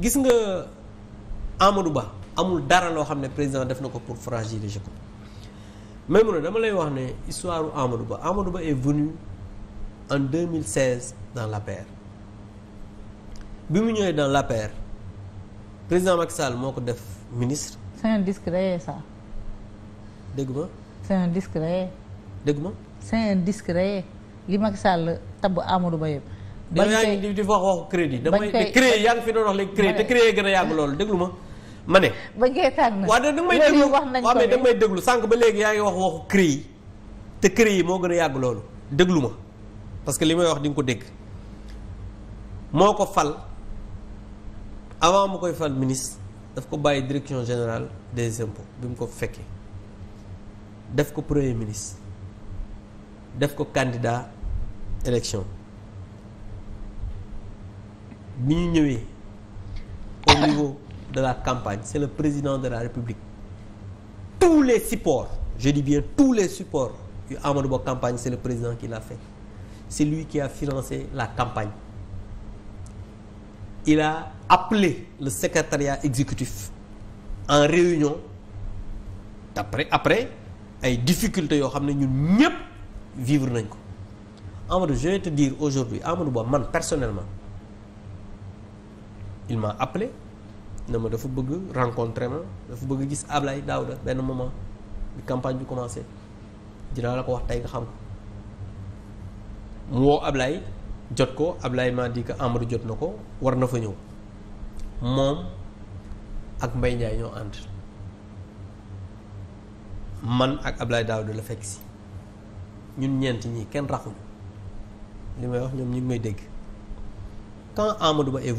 gis nga Amadou Ba amul dara loo xam ne président def na ko pour fragiliser ko même na dama lay wax ne histoire Amadou Ba Amadou Ba est venu en 2016 dans la l'APR bi mu ñëwee dans l'APR président Macky Sall moo ko def ministre. c'est un disque rayé ça. dégg ma. c'est un disque rayé. dégg ma. c'est un disque rayé li Macky Sall Amadou Ba yëpp. bañ yaa ngi di wax waxu crédit. damay te créé yaa ngi fi doon wax léegi créé te créé gën a loolu déglu ma. ne. bañ koy tànn waaw da nga may déglu waaw mais da nga may déglu sànq ba léegi yaa ngi wax waxu créé te créé yi moo gën a yàgg loolu déglu ma parce que li may wax di nga ko dégg moo ko fal avant mu koy fal ministre daf ko bàyyi direction général des impôts bi mu ko fekkee def ko premier ministre def ko candidat élection. bi ñu ñëwee au niveau de la campagne c'est le président de la République tous les supports je dis bien tous les supports yu Amadou Ba campagne c'est le président ki l'a fait c'est lui qui a financé la campagne il a appelé le secrétariat exécutif en réunion d'après après ay difficultés yoo xam ne ñun ñëpp vivre nañ ko Amadou je vais te dire aujourd'hui Amadou Ba man personnellement il apple appelé ma dafa bëgg rencontrer ma dafa bëgg gis Ablaye Daouda benn moment bi campagne bi commencé dinaa la ko wax tey nga xam ko woo Ablaye jot ko Ablaye maa di que Amadou jot na ko war na fa ñëw moom ak Mbaye Ndiaye ñoo ànd man ak Ablaye Daouda la fekk si ñun ñeent ñi kenn raxuñu li may wax ñoom ñu may dégg quand Amadou Ba est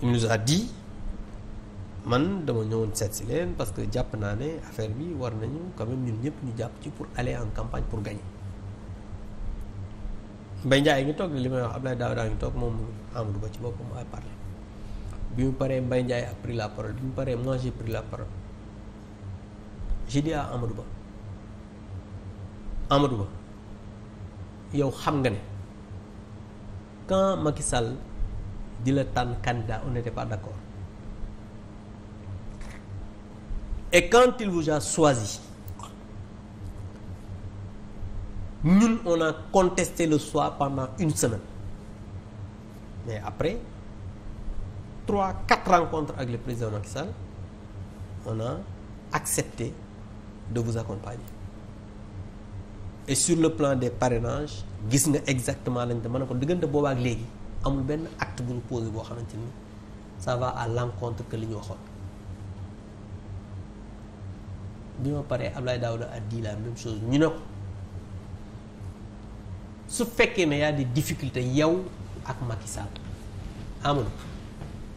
il nous a di man dama ñëwoon seet si leen parce que jàpp naa ne affaire bi war nañu quand même ñun ñëpp ñu jàpp ci pour aller en campagne pour gagner Mbaye Ndiaye ngi toog li may wax Abdoulaye daa ngi toog moom Amadou Ba ci boppam ay parler bi mu paree Mbaye Ndiaye a pris la parole bi mu paree moi j'ai pris la parole j'ai dit à Ba Amadou Ba yow xam nga ne quand Macky Sall di la tànn candidat on n'était pas d'accord et quand il vous a choisi ñun on a contesté le choix pendant une semaine mais après trois quatre rencontres ak le président Macky on a accepté de vous accompagner et sur le plan des parrainages gis nga exactement lañ te mën a ko diggante boobaak léegi amul benn acte bu ñu posé boo xamante ni ça va à l'encontre que li ñu waxoon bi ma paree Abdoulaye Daouda a dit la même chose ñu ne ko su fekkee ne y a des yow ak Macky Sall amoon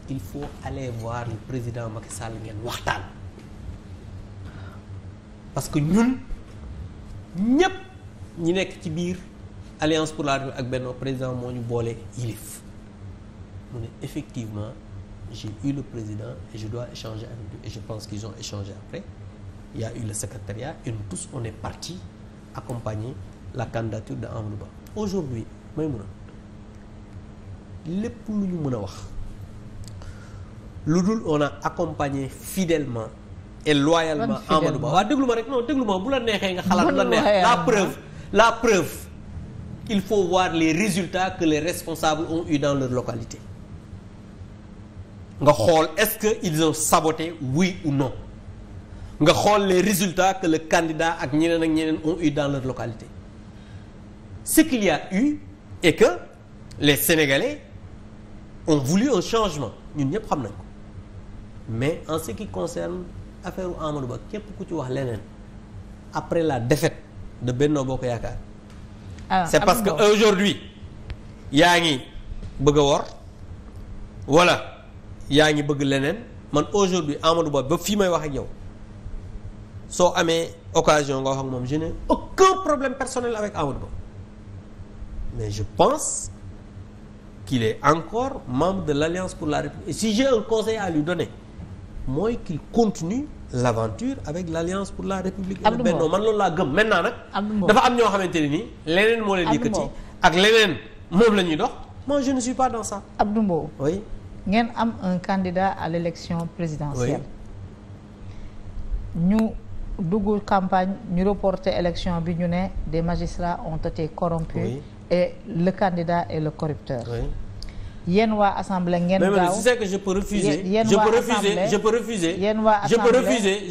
il faut aller voir président Macky Sall ngeen waxtaan parce que ñun ñépp ñi nekk ci biir alliance pour la ak Benno président moo ñu boole yilif mu ne effectivement j'ai eu le président et je dois échanger avec lui je pense qu'ils ont échangé après il eu le secrétariat et nous tous on est partis accompagner la candidature de Amadou Ba aujourd'hui may mun a lépp lu ñu mën a wax lu dul on a accompagner fidèlement et loyalement Amadou Ba waaw déglu ma rek non déglu ma bu la neexee nga xalaat la neex la preuve la preuve il faut voir les résultat que les responsables ont eu dans leur localité nga xool est-ce que ils ont saboté oui ou non nga xool les résultat que le candidat ak ñeneen ak ñeneen ont eu dans leur localité ce qu'il y a que les Sénégalais on voulu un changement ñun ñëpp xam nañ ko mais en ce qui concerne affaire Amadou Ba képp ku ci wax leneen après la défaite de Benno Bokk Yaakaar Ah, c'est ah, parce que aujourd'hui yaa ngi bëgg a wor walla yaa ngi bëgg leneen man aujourd'hui Amadou Ba ba fii may wax ak yow soo amee occasion nga wax ak moom je n'ai aucun problème personnel avec Amadou Ba mais je pense qu'il est encore membre de l'Alliance pour la République si j'ai un conseil à lui donner mooy qu'il continue l'aventure avec l'alliance pour la république et le man loolu laa gëm maintenant nag dafa am ñoo xamante ne nii leneen moo leen yëkkati ak leneen moom la ñuy dox moi je ne suis pas dans ça Abdou ngeen am un candidat à l'élection présidentielle ñu dugg campagne ñu reporter élection bi ñu ne des magistrats ont été corrompus oui. et le candidat est le corrupteur oui. yéen waa assemblée ngeen gaaw si c'est que je peux refuser. je peux refuser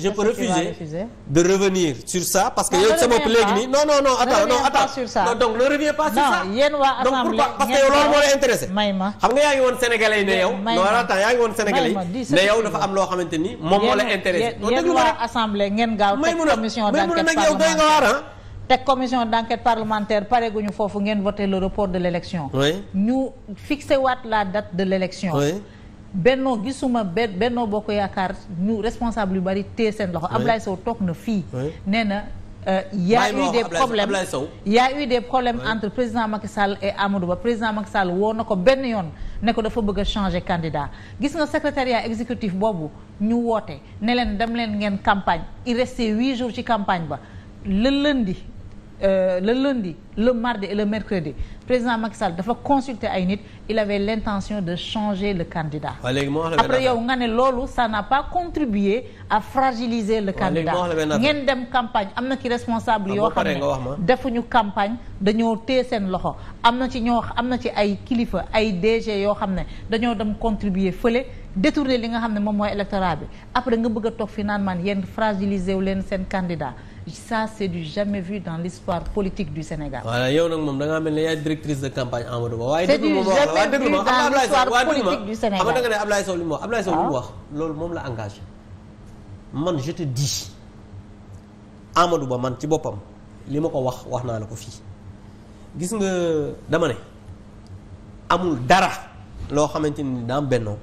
de revenir sur ça parce que yow sama léegi nii non non non. attends non attends sur ça. non donc pas sur ça. non yéen waa assemblée donc parce que yow loolu moo la intéressé. may ma xam nga yaa may ma non attends yaa ngi woon sénégalais am loo ni moom moo la intéressé. yéen waa te commission d'enquête parlementaire pare gu ñu foofu ngeen voté le report de ñu fixé waat la dat de l'élection benno gisuma benn bennoo bokk yaakaar ñu responsable yu bari téye seen loxo Ablaye Sow toog na fii nee na euh, y a eu des problèmes y a des problèmes entre président Macky Sall et Amadou Ba président Macky Sall woo na ko benn yoon ne ko dafa bëgg a changer candidat gis nga secrétariat exécutif boobu ñu woote ne leen dem leen ngeen campagne il restait huit jours ci campagne ba le lundi euh, le lundi le mardi et le mercredi président Macky Sall dafa consulter ay nit il avait l'intention de changer le candidat après yow nga ne loolu ça n'a pas contribué à fragiliser le candidat ngeen dem campagne am na ci responsable ah, yoo xam ne defuñu campagne dañoo téye seen loxo am na ci ñoo am na ci ay kilifa ay DG yoo xam ne dañoo dem contribuer fële détourner li nga xam ne moom mooy électorat bi après nga bëgg toog fi naan man yéen fragiliser wu leen seen candidat ça c'est du jamais vu dans l'histoire politique du Sénégal. voilà yow nag moom da ngaa mel ne yaay directrice de campagne Amadou Ba. waaye déglu moom ah. wax loolu moom la engagé man je te dis Amadou Ba man ci boppam li ma ko wax wax naa la ko fii gis nga dama ne amul dara loo xamante ni daam bennoo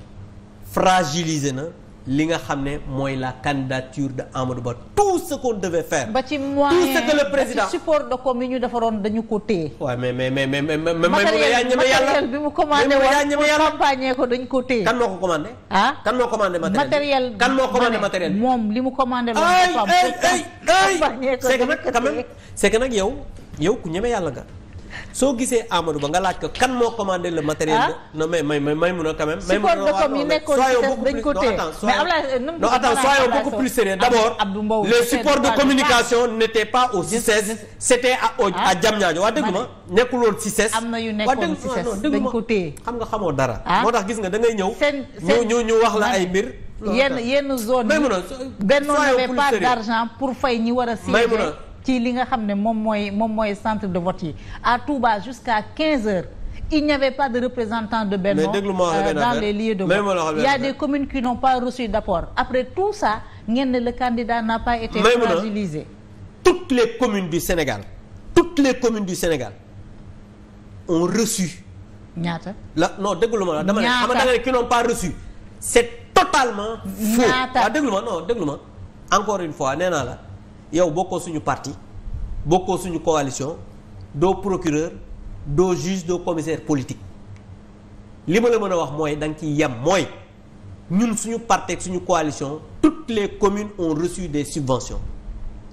fragiliser na. li nga xam ne mooy la candidature de Amadou Ba tout ce qu'on devait faire. ba ci moyen tout ce le président support de com yi ñu defaroon dañu ko téye. waaw mais mais mais mais mais. matériel matériel bi mu commandé woon pour campagne ko dañ ko téye. kan moo ko commandé. Ah? moom li mu commandé. loolu dafa am ay ay ay c'est que nag yow yow ku ñeme yàlla nga. soo gisee Amadou Ba nga laaj ko kan moo commandé le matériel. ah non mais may may may mun a quand même. may mun a waaw non mais soyons beaucoup plus non attends mais Ablaye non de communication n'étaient pas au CICES. E c'était à au ah? à Diamniadio waa dégg ma nekkul woon CICES. E am na yu nekkoon CICES e dañ ko téye xam nga xamoo dara. Ah? moo tax gis nga da ngay ñëw. ñu ñu ñu wax la ay mbir. yenn yenn zone yi. may mun a benn pas d'argent pour fay ñi war a. may ci li nga xam ne moom mooy moom mooy centre de vote yi à Touba jusqu'à 15 heures il n'y avait pas de représentant de euh, benn euh, dans les lieux de vote il a des communes qui n'ont pas reçu d'apport après tout ça ngeen ne le candidat n'a pas été fragilisé toutes les communes du Sénégal toutes les communes du Sénégal ont reçu ñaata la non déglu ma la dama ne xam nga da nga ne qui n'ont pas reçu c'est totalement faux waaw ah, déglu ma encore une fois nee naa la yow bokkoo suñu parti bokkoo suñu coalition doo procureur doo juge doo commissaire politique li ma la mën a wax mooy da nga ciy yem mooy ñun suñu parti ak suñu coalition toutes les communes ont reçu de subventions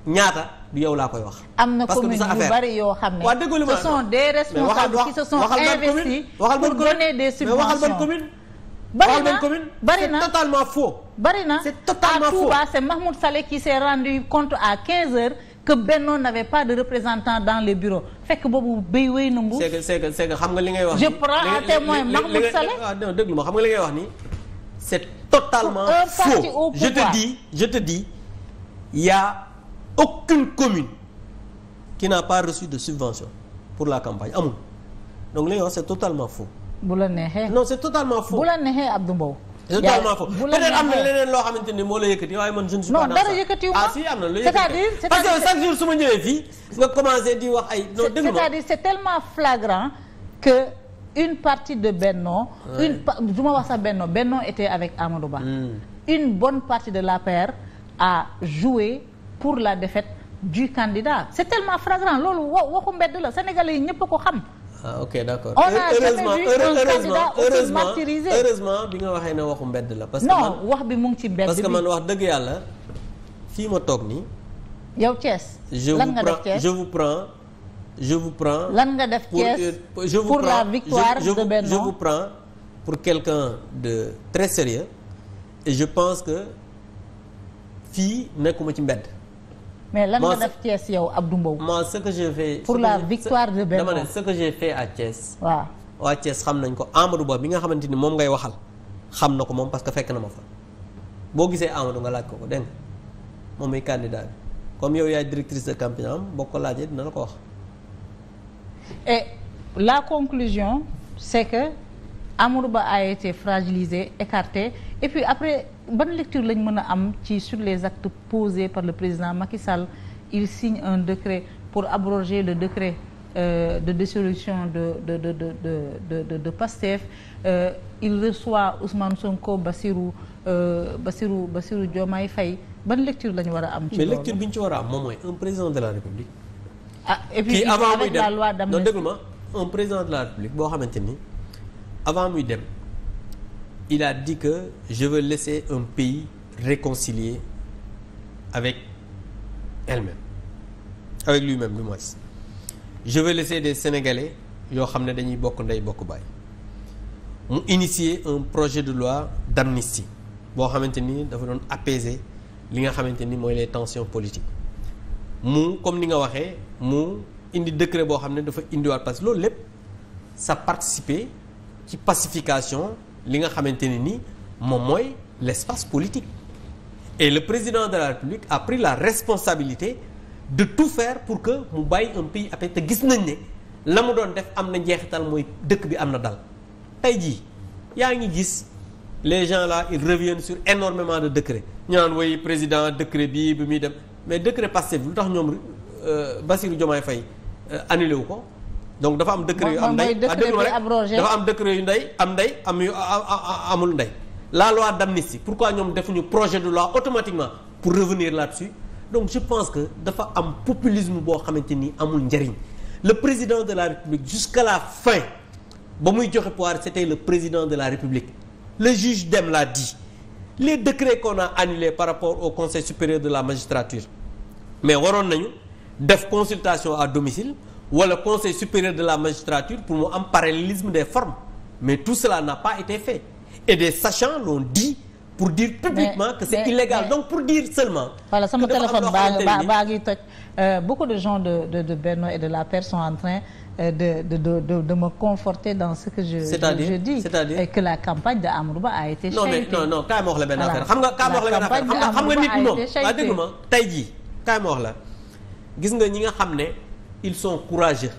ñaata du yow laa koy wax. am na commune yu bari yoo xam ne. waaw dëgg li ma ce sont des responsables qui se sont investis pour donner des subventions mais waxal ban commune. bari na bari na c'est totalement faux. bari na c'est totalement faux à Touba c'est Mahmoud Saleh qui s'est rendu compte à 15 heures que Benno n'avait pas de représentant dans les bureaux fekk boobu béy wéy na mbuus. c'est que xam nga li ngay wax. je prends à témoin Mahmoud Saleh ah non xam nga li ngay wax nii c'est totalement faux je te dis je te dis y a commune qui n'a pas reçu de subvention pour la campagne amul donc li ngay wax c'est totalement faux. bu la neexee non c'est totalement faux bu la neexee Abdou Mbow. totalement faux peut-être am na leneen loo xamante ni moo la yëkkati waaye man je ne suis pas non dara yëkkatiwu ma ah si am na lu yëkkati parce que chaque jour su ma ñëwee fii nga commencé di wax ay non dégg c'est-à-dire c'est tellement flagrant que une partie de Benno une du ma wax sax Benno Benno était avec Amadou Ba hmm. une bonne partie de l'APR a joué pour la défaite du candidat c'est tellement flagrant loolu wa waxu mbedd la Sénégalais yi ñëpp a ko xam ah ok d'accord on a heureusement heureusement bi nga waxee ne waxu mbedd la. parce que wax bi mu ngi ci mbedd bi parce que man wax dëgg yàlla fii ma toog nii. yow Thiès. lan nga def Thiès je vous prends je vous prends. lan nga def Thiès euh, pour la victoire de Benno je vous prends pour quelqu'un de très sérieux et je pense que fii nekkuma ci mbedd. mais lan nga def Thiès yow Abdou Mbow. moi ce que je fais. pour la victoire de Benno ce que j'ai fait à Thiès. waaw waa Thiès xam nañ ko Amadou Ba bi nga xamante ni moom ngay waxal xam na ko moom parce que fekk na ma fa boo gisee Amadou nga laaj ko ko moom muy candidat bi comme yow yaay directrice de campagne bokk ko laajee dina la ko wax. la conclusion c'est que Amadou Ba a été fragilisé écarté et puis après. ban lecture lañ mën a am ci sur les actes posés par le président Macky Sall il signe un décret pour abroger le décret euh, de dissolution de de de de de de de PASTEF euh, il reçoit Ousmane Sonko Bassirou euh, Bassirou Bassirou Diomaye Faye ban lecture lañu war a am. ci loolu mais lecture bi ñu ci war a am moom mooy un président de la République. ah et avant muy dem non déglu ma un président de la République boo xamante ni avant muy dem. il a dit que je veux laisser un pays réconcilié avec elle avec lui-même du moins je veux laisser des Sénégalais yoo xam ne dañuy bokk ndey bokk baay mu initier un projet de loi d'amnistie boo xamante ni dafa doon apaiser li nga xamante ni mooy les tensions politiques mu comme ni nga waxee mu indi décret boo xam ne dafa indiwaat parce que loolu lépp ça participer ci pacification li nga xamante ne ni moom mooy l'espace politique et le président de la République a pris la responsabilité de tout faire pour que mu bàyyi un pays apaisé te gis nañ ne la mu doon def am na njeexital mooy dëkk bi am na dal tey jii yaa ngi gis les gens la ils reviennent sur énormément de décrets ñu naan woy président décret bii bi muy dem mais décret Pastef lu tax ñoom euh, Bassirou Diomaye fay euh, annulé wu ko donc dafa am décret yu am ndey dafa am décret yu ndey am ndey am yu amul ndey la loi pour quoi ñoom defuñu projet de loi automatiquement pour revenir là-dessus donc je pense que dafa am populisme boo xamante ni amul njëriñ le président de la république jusqu'à la fin ba muy joxe pouvoir c'était le président de la république le juge Dème l'a dit les décrets qu'on a annulés par rapport au conseil supérieur de la magistrature mais waroon nañu def consultation à domicile wala conseil supérieur de la magistrature pour mu am parallélisme des formes mais tout cela n'a pas été fait et des sachants l'ont dit pour dire publiquement mais, que c'est illégal donc pour dire seulement. wala sama téléphone baa ngi baa ngi toj. Euh, beaucoup de gens de de de Benno et de la paire sont en train euh, de de de me conforter dans ce que je. c'est-à-dire je que la campagne de Amadou Ba a été. chahutée xam nga kaay ma wax la benn affaire xam nga nit moom. waaw dégg ma tey jii kaay ma nga ñi nga xam ne. ils sont courageux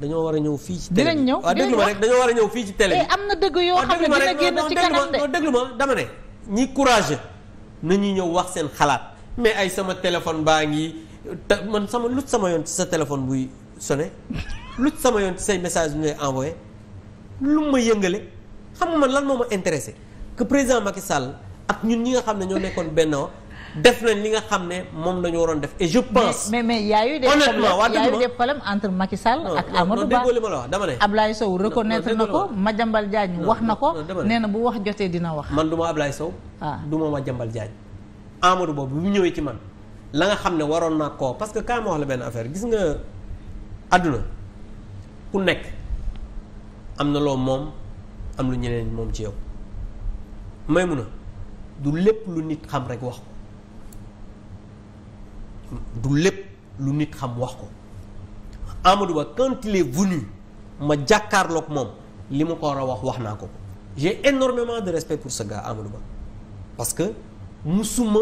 dañoo war a ñëw fii ci télé dinañ ñëw waaw déglu ma rek dañoo war a ñëw fii ci télé eh, am na dëgg yoo xam ne dina génn ci kanam de non déglu ma dama ne ñi courageux nañu ñëw wax seen xalaat mais ay sama téléphone baa ngi man sama lut sama yoon ci sa téléphone buy sonné lut sama yoon ci say message bu ngay envoyé lu ma yëngale xam nga man lan moo ma intéressé que président Macky Sall ak ñun ñi nga xam ne ñoo nekkoon benn def nañ li nga xam ne moom la ñu waroon def et je pense. mais mais y a eu des problèmes y a eu des problèmes entre Macky Sall ak Amadou Ba déggoo li ma la wax dama ne. Ablaye Sow reconnaître na ko Madiambal Diagne wax na ko nee na bu wax jotee dina wax. man du ma Ablaye Sow. waaw ah. du ma Madiambal Diagne. Amadou boobu bu ñëwee ci man la nga xam ne waroon naa koo parce que kaay wax la benn affaire gis nga àdduna ku nekk am na loo moom am lu ñeneen moom ci yow may mun a du lépp lu nit xam rek wax ko du lépp lu nit xam wax ko Amadou Ba quand il est venu ma jàkkaarloog moom li ma ko war a wax wax naa ko j'ai énormément de respect pour ce gars Amadou Ba parce que musuma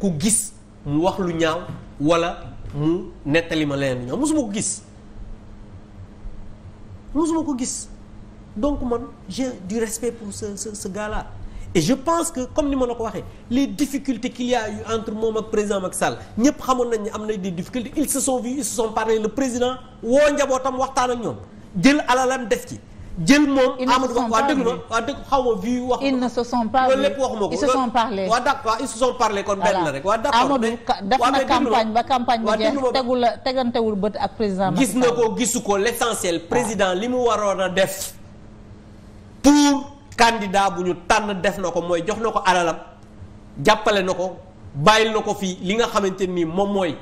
ko gis mu wax lu ñaaw wala mu nettali ma leneen lu ñaaw musuma ko gis musuma ko gis donc man j'ai du respect pour ce ce ce je pense que comme ni ma la ko waxee les difficultés qu'il y a eu entre moom ak président Macky Sall ñëpp xamoon nañ ne am nañ des difficultés ils se sont vus ils se sont parlé le président woo njabootam waxtaan ak ñoom jël alalam def ci. jël moom Amadou Ba waa déglu ma waa dégg xaw ma vu wax ils ne se sont pas loolu lépp waxuma ko ils se sont parlé waa d'accord ils se sont parlé kon benn la rek waa d'accord Amadou def na campagne ba campagne bi jeex tegul ak président gis na ko gisu ko l'essentiel président li mu waroon a def candidat bu ñu tànn def na ko mooy jox na ko alalam jàppale na ko bàyyil na ko fii li nga xamante ni moom mooy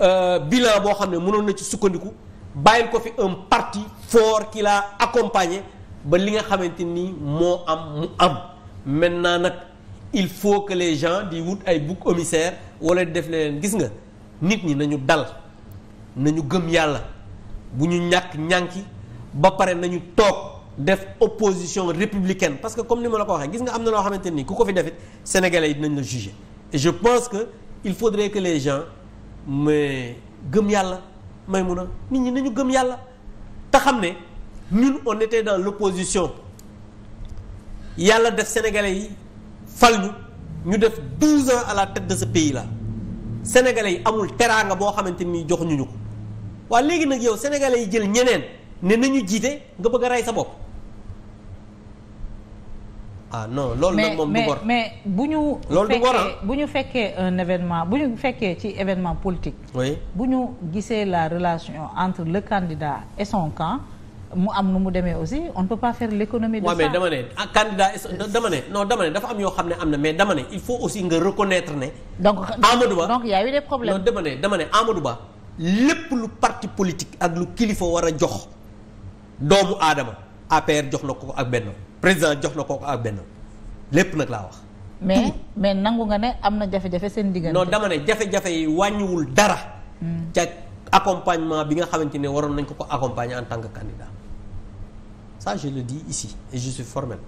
euh, bilan boo xam ne mënoon na ci sukkandiku bàyyil ko fi um parti fort qui l'a accompagné ba li nga xamante ni moo am mu am maintenant nag il faut que les gens di wut ay bouc émissaire wala def leen gis nga nit ñi nañu dal nañu gëm yàlla bu ñu ñàkk ñànki ba pare nañu toog def opposition républicaine parce que comme ni ma la ko waxee gis nga am na loo xamante ni ku ko fi defit sénégalais yi dinañ la juger et je pense que il faudrait que les gens mais gëm yàlla may mun a nit ñi nañu gëm yàlla te xam ne ñun on était dans l'opposition yàlla def sénégalais yi fal ñu ñu def 12 ans à la tête de ce pays là sénégalais yi amul teraanga boo xamante ni joxuñu ñu ko waaw léegi nag yow sénégalais yi jël ñeneen ne nañu jiite nga bëgg a sa bopp ah non loolu nag moom du war mais bu ñu. loolu war ah. bu ñu fekkee un événement bu ñu fekkee ci événement politique. bu ñu gisee la relation entre le candidat et son camp mu am nu mu demee aussi on ne peut pas faire l'économie de ça. mais dama ne ah candidat dafa am yoo xam ne am na mais dama ne il faut aussi nga reconnaître ne. donc Amadou Ba donc y a eu des problèmes. non dama ne dama ne Amadou Ba lépp lu parti politique ak lu kilifa war a jox doomu aadama. APR jox na ko ak benn président jox na ko ak benn lépp nag laa wax. mais mais nangu nga ne am na jafe-jafe seen diggante. non dama ne jafe-jafe yi wàññiwul dara. Hmm. ca accompagnement bi nga xamante ne waroon nañ ko ko accompagner en tant que candidat ça je le dis ici et je formel.